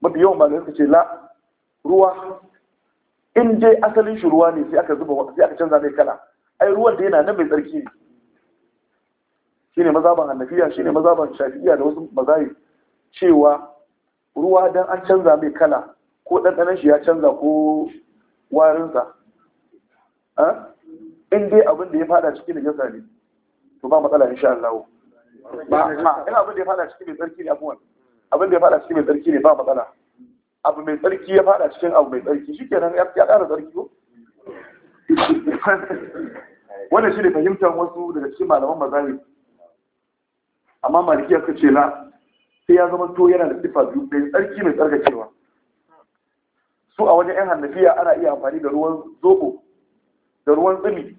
Speaker 1: mafi yawan malamai suka ce la ruwa in dai asalin shi ruwa ne sai aka zuba sai aka canza mai kala ai ruwan da yana nan mai tsarki ne shine mazhaban hanafiya shine mazhaban shafi'iya da wasu mazahib cewa ruwa dan an canza mai kala ko ɗanɗanon shi ya canza ko warinsa ah? in dai abin da ya fada cikin da jasa ne to ba matsala insha Allah ba ina abin da ya fada cikin mai tsarki ne abuwan abin da ya fada cikin mai tsarki ne ba matsala abu mai tsarki ya fada cikin abu mai tsarki shikenan ya ƙara tsarki ko
Speaker 2: wannan
Speaker 1: shi fahimtar wasu daga cikin malaman mazahib amma malikiya ya ce na sai ya zama to yana da sifa biyu mai tsarki mai tsarkakewa su a wajen 'yan hannafiya ana iya amfani da ruwan zobo da ruwan tsumi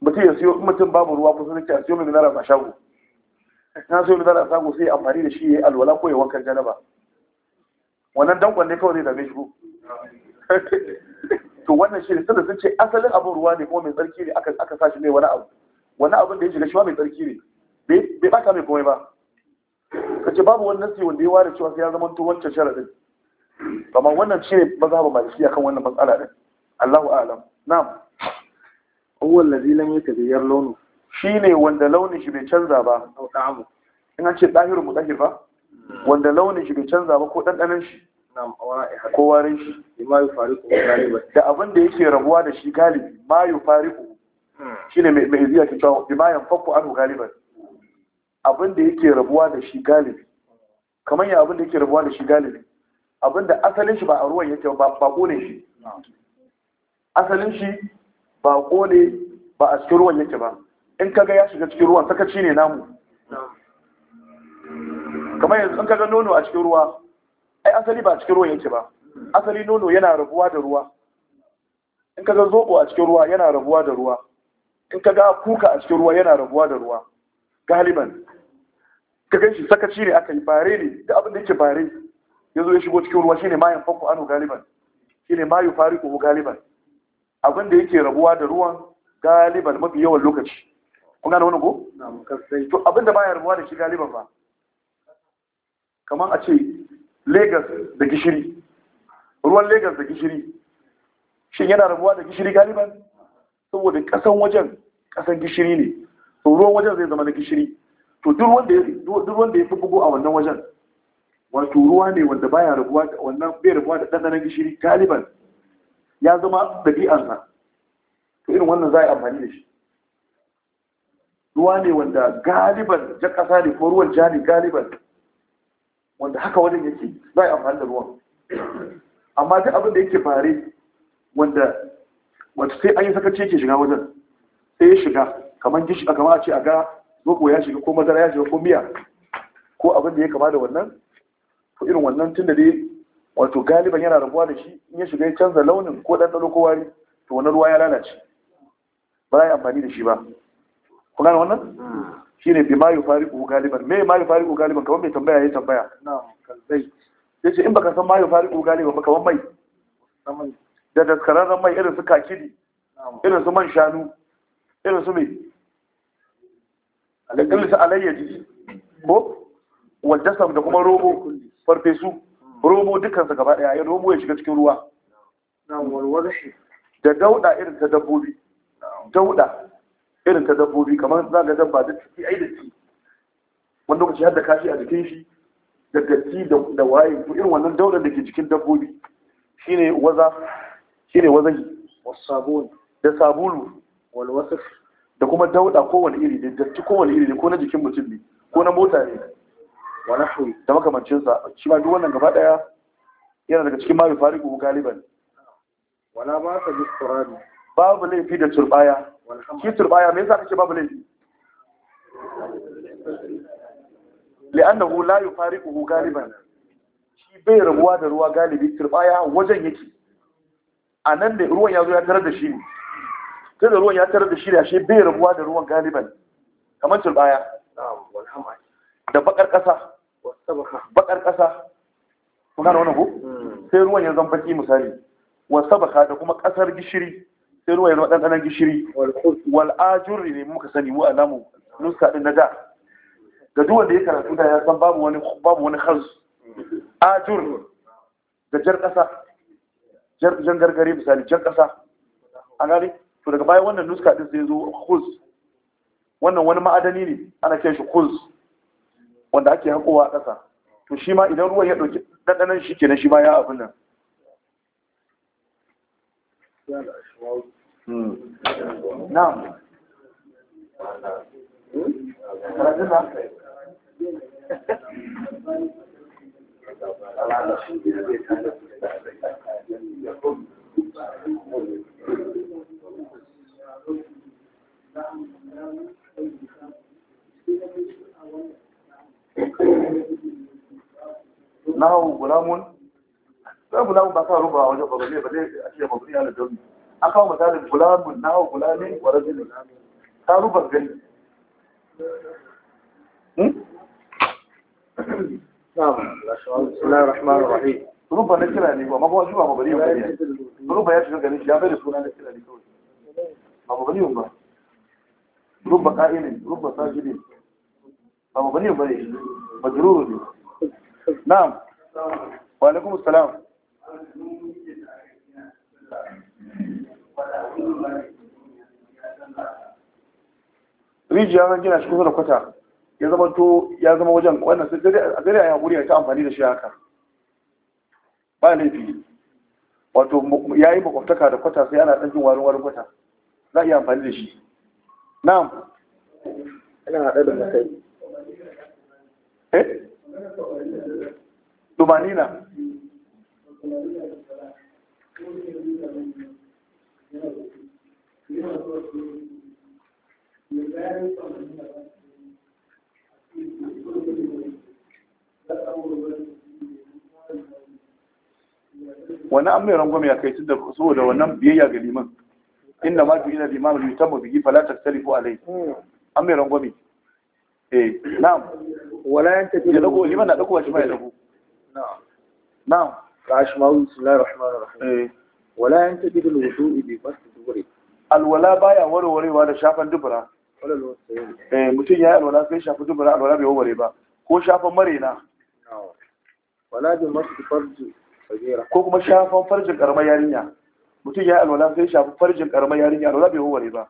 Speaker 1: mutum ya siyo mutum babu ruwa kusa da ke a siyo mai minaras a shago na siyo minaras a shago sai amfani da shi ya yi alwala ko ya wankan janaba wannan dankon ne kawai da dame to wannan shi ne sanda sun ce asalin abin ruwa ne kuma mai tsarki ne aka sa shi mai wani abu wani abin da ya shiga shiwa mai tsarki ne bai bata mai komai ba ka ce babu wannan nasi wanda ya ware cewa sai ya zama to wancan sharaɗin. amma wannan shi ne mazhabin malikiya kan wannan matsala ɗin Allahu a'lam na'am huwa allazi lam yataghayyar launuhu shine wanda launin shi bai canza ba au in an ce dahiru mudahir ba wanda launin shi bai canza ba ko dandanan shi ko warin shi ma fariqu galiban da abin da yake rabuwa da shi galibi ma fariqu. Hmm. shine mai mai ziya ta cewa yan fakku anhu galiban abin da yake rabuwa da shi galibi kamar ya abin da yake rabuwa da shi galibi abin da asalin shi ba a ruwan yake ba ba ne shi asalin shi ba ne ba a cikin ruwan yake ba in kaga ya shiga cikin ruwan sakaci ne namu kamar yanzu in kaga nono a cikin ruwa ai asali ba a cikin ruwan yake ba asali nono yana rabuwa da ruwa in kaga zobo a cikin ruwa yana rabuwa da ruwa in kaga kuka a cikin ruwa yana rabuwa da ruwa galiban ka gan shi sakaci ne aka yi bare ne da abin da yake bare ya zo ya shigo cikin ruwa shine mayan fanko ano galiban shine mayu fariku galiban abin da yake rabuwa da ruwan galiban mafi yawan lokaci kuna da wani ko? to abin da baya rabuwa da shi galiban ba kamar a ce lagos da gishiri ruwan lagos da gishiri shin yana rabuwa da gishiri galiban saboda kasan wajen kasan gishiri ne to ruwan wajen zai zama na gishiri to duk wanda ya fi bugu a wannan wajen wato ruwa ne wanda baya rabuwa da wannan bai rabuwa da ɗanɗanon gishiri galiban ya zama ɗabi'ansa to irin wannan za a yi amfani da shi ruwa ne wanda galiban jan ƙasa ne ko ruwan jani galiban wanda haka wajen yake za a yi amfani da ruwan amma duk abin da yake fare wanda wata sai an yi sakaci yake shiga wajen sai ya shiga kamar gishi a kama ce a ga zoko ya shiga ko madara ya shiga ko miya ko abin da ya kama da wannan to irin wannan tun da dai wato galiban yana rabuwa da shi in ya shiga ya canza launin ko ɗanɗano ko wari to wani ruwa ya lalace ba za a yi amfani da shi ba ku gane wannan hmm. shi ne bi ma yi fari galiban me ma yi fari galiban kamar mai tambaya ya tambaya ya ce in baka san ma yi fari galiban ba kamar mai da daskararren mai irin su kakiri irin su man shanu irin su mai da su alayyadi ko wadda da kuma robo farfesu romo dukansa gaba daya ya romo ya shiga cikin ruwa da dauda irin ta dabbobi dauda irin ta dabbobi kamar za ga dabba da ciki ai da ci wani lokaci har da kashi a jikin shi da datti da waye ko irin wannan dauda da ke jikin dabbobi shine waza shine wazahi wasabun da sabulu wal wasf da kuma dauda kowane iri da datti kowane iri ne ko na jikin mutum ne ko na mota ne wa da makamancin sa duk wannan gaba yana daga cikin ma yufariqu galiban wala ba sa bi qur'ani babu laifi da turbaya shi turbaya me yasa kake babu laifi li'annahu la yufariquhu galiban shi bai rabuwa da ruwa galibi wajen yake a nan da ruwan ya zo ya tarar da shi ne sai da ruwan ya tarar da shi da shi bai rabuwa da ruwan galiban kamar turbaya da bakar kasa bakar ƙasa kun gane wannan ko hmm. sai ruwan ya zama baki misali wa sabaka da kuma ƙasar gishiri sai ruwan ya zama ɗanɗanon gishiri wal ne muka sani mu alamu nuska ɗin na da ga duk wanda ya karatu da ya san babu wani babu wani khaz ajur da jar ƙasa jan gargare misali jar ƙasa a gane to daga bayan wannan nuska ɗin sai zo khuz wannan wani ma'adani ne ana kiran shi khuz wanda ake hakowa a ƙasa to shi ma idan ruwan ya ɗauki ɗanɗanan shi kenan shi ma ya abin nan hmm.
Speaker 2: na'am hmm?
Speaker 1: نحو غلام لا غلام بقى ربع وجه فضلية فليه أشياء مبنية على الجنة أقام مثال غلام نحو غلام ورجل قالوا بالجنة نعم بسم الله الرحمن الرحيم ربع نكرة يعني ما هو شو مبني يعني. ومبني ربع يشغل جنيش يا بني فلان نكرة يعني ما مبني ومبني ربع قائم ربع ساجد ما مبني ومبني مجرور نعم wa salam rijiya zan gina shi kusa da kwata ya zama to ya zama wajen wannan sai dare a wuri ya ta amfani da shi haka ba laifi wato ya yi makwabtaka da kwata sai ana ɗan jin warin warin kwata za a iya amfani da shi na'am ina haɗe da mutai eh tumanina wani an mai rangwame ya kai tunda da wannan biyayya ga liman inda ma biyu na liman mai tamma biyi falatar tarifu alai an mai rangwame eh na'am wala yanta ke dago liman na dago shi mai dago na'am ka shi ma'u bismillahir rahmanir rahim eh. wala yantabi bil wudu'i alwala baya warwarewa da shafan dubura
Speaker 2: eh,
Speaker 1: mutum ya alwala sai shafi dubura alwala bai warware ba ko shafan marena wala bi masu farji ko kuma shafan farjin karamar yarinya mutum ya alwala sai shafi farjin karamar yarinya alwala bai warware ba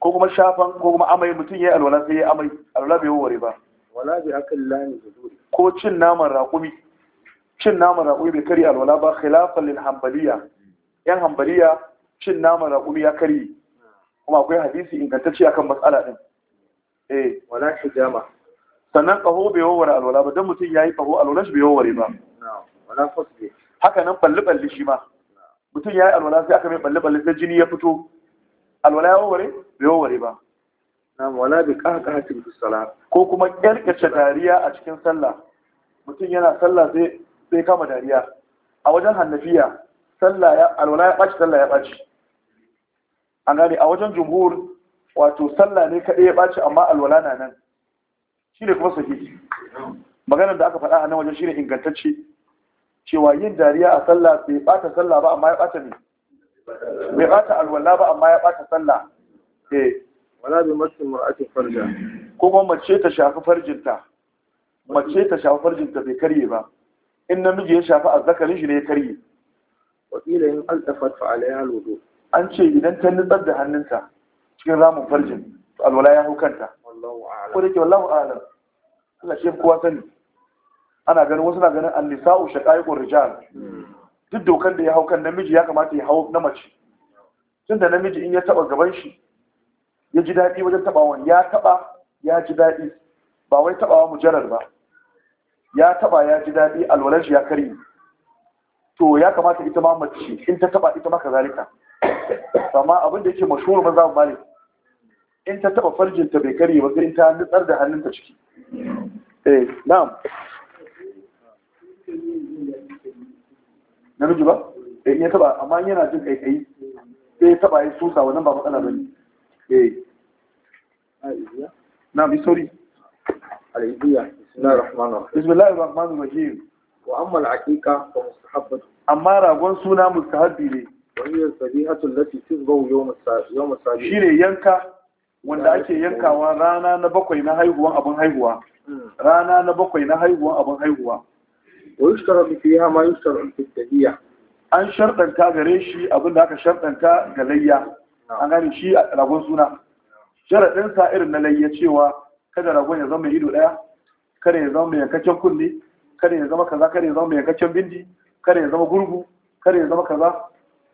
Speaker 1: ko kuma shafan ko kuma amai mutum ya alwala sai ya amai alwala bai warware ba wala bi akal lani zuri ko cin naman raƙumi cin naman raƙumi bai kari alwala ba khilafan lil hanbaliya yan hanbaliya cin naman raƙumi ya kari kuma akwai hadisi ingantacce akan matsala din eh wala shijama sannan kaho bai warware alwala ba dan mutum yayi kaho alwala shi bai warware ba wala fasbi haka nan balli balli shi ma mutum yayi alwala sai aka mai balli balli sai jini ya fito alwala ya warware bai warware ba na wala bi qahqahatin fi salat ko kuma kyarkace dariya a cikin sallah mutum yana sallah sai sai kama dariya a wajen hannafiya sallah ya alwala ya ɓaci sallah ya ɓaci. an gane a wajen jumhur wato sallah ne kaɗai ya ɓaci amma alwala na nan shine kuma sahi maganar da aka faɗa a nan wajen shine ingantacce cewa yin dariya a sallah bai bata sallah ba amma ya bata ne bai bata alwala ba amma ya bata sallah eh wala bi masin mar'atin farja ko kuma mace ta shafi farjinta mace ta shafi farjinta bai karye ba in namiji ya shafi azzakarin shi ne ya karye wakila in altafat fa alaiha alwudu an ce idan ta nutsar da hannunta cikin ramin farjin to alwala ya hukanta ko da ke wallahu a'lam Allah shi kuwa sani ana ganin wasu na ganin annisa'u shaqaiqur rijal hmm. duk dokar da ya hau kan namiji ya kamata ya hau na mace tunda namiji in ya taba gaban shi ya ji daɗi wajen taɓawan ya taɓa ya ji daɗi ba wai taɓawa mujarar ba ya taɓa ya ji daɗi alwalashi ya karye to ya kamata ita ma mace in ta taɓa ita maka kazalika amma abin da yake mashhur maza malik in ta taɓa farjin ta bai karye ba sai in ta nutsar da hannunta ciki eh na'am namiji ba eh ya taɓa amma yana jin kai sai ya taɓa ya susa wannan ba matsala bane eh نعم سوري العيدية بسم الله الرحمن الرحيم بسم الله الرحمن الرحيم وأما العقيقة مستحب لي وهي التي تذبح يوم يوم شيري ينكا
Speaker 2: wanda ake yankawa
Speaker 1: rana na bakwai na haihuwan abin haihuwa hmm. rana na bakwai na haihuwan abin haihuwa wa fiha ma fi an sharɗanta gare shi abin da aka sharɗanta ga layya an shi ragon suna sharaɗin sa irin na layya cewa kada ragon ya zama ido ɗaya kada ya zama mai kunne kada ya zama kaza kada ya zama mai bindi kada ya zama gurgu kada ya zama kaza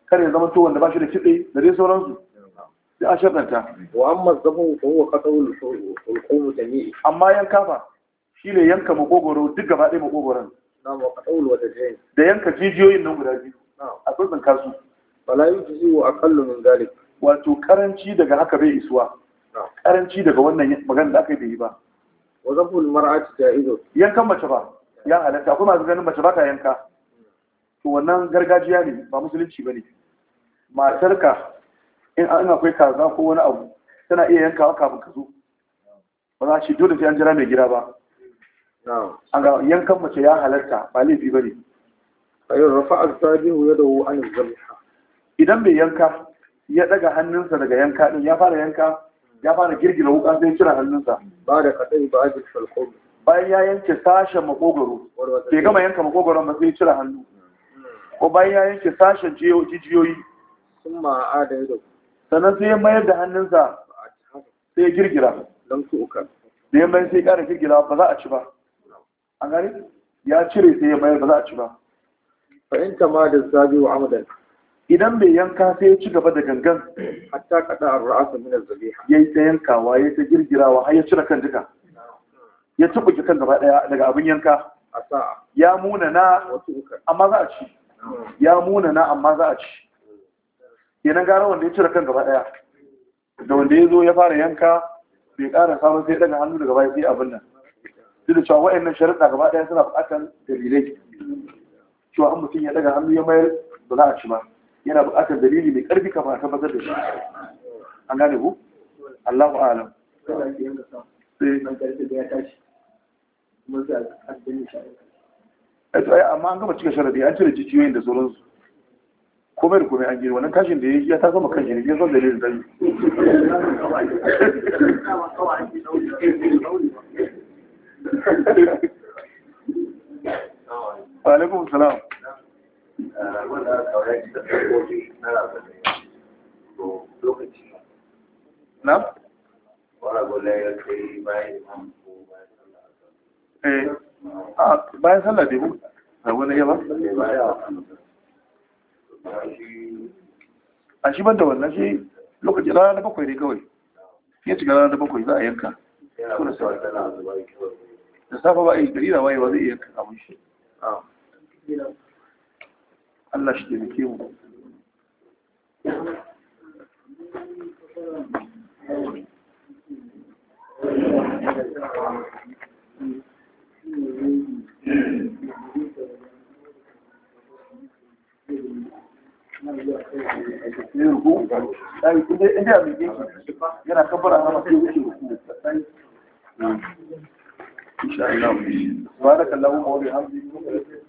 Speaker 1: kada ya zama to wanda ba shi da kiɗe da dai sauransu sai a sharɗanta wa amma zabu fa huwa qatawul da jami'i amma yanka shi ne yanka makogoro duk gaba ɗaya makogoron da yanka jijiyoyin nan guda biyu a tsotsin kasu wala yujzi a aqallu min zalik wato karanci daga haka bai isuwa karanci daga wannan magana da aka yi da yi ba wa zaful mar'ati ja'izu yankan mace ba ya halatta akwai masu ganin mace ba ta yanka to wannan gargajiya ne ba musulunci ba ne. matarka in an akwai kaza ko wani abu tana iya yankawa kafin ka zo ba za shi dole sai an jira mai gida ba an ga yankan mace ya halatta ba laifi ba ne. A yau rafa al ya dawo an zama. idan bai yanka ya daga hannunsa daga yanka din ya fara yanka ya fara girgina wuka sai cire hannunsa ba da kadai ba ajin falkon bayan ya yanke sashen makogoro ke gama yanka makogoro ba sai cire hannu ko bayan ya yanke sashen jijiyoyi sun ma a da yadda sannan sai ya mayar da hannunsa sai ya girgira don su uka da ya mayar sai ya kara girgira ba za a ci ba an gani ya cire sai ya mayar ba za a ci ba fa'inta ma da zabi wa amadan idan bai yanka sai ya ci gaba da gangan hatta kada ar-ra'sa min zabe. zabiha yayi ta yankawa yayi ta girgirawa har ya cire kan duka ya tubuke kan gaba daya daga abin yanka ya muna na amma za a ci ya muna na amma za a ci kenan gara wanda ya cire kan gaba daya da wanda ya zo ya fara yanka bai ƙara samun sai daga hannu daga baya sai abin nan duk da cewa wa'annan sharuɗa gaba daya suna buƙatar dalilai cewa an mutum ya daga hannu ya mayar ba za a ci ba yana buƙatar dalili mai ƙarfi kafin a tabbatar da shi an gane ku Allahu a'lam sai eh, Sai. amma an gama cika sharadi an cire jijiyoyin da sauransu Kome da kome an gini wannan kashin da ya ta zama kan gini ya zo dalilin da yi alaikum salam
Speaker 2: wanda aka kawo yaki da tsakoki na razanin to lokaci na? ya kai bayan imam ko bayan sallah eh a ah, bayan
Speaker 1: sallah a shi ban da wannan shi lokaci rana na bakwai ne kawai ya shiga rana na bakwai za a yanka da safa ba a yi gari na wayewa zai yanka abin
Speaker 2: shi ah. Allah shi taimake mu yana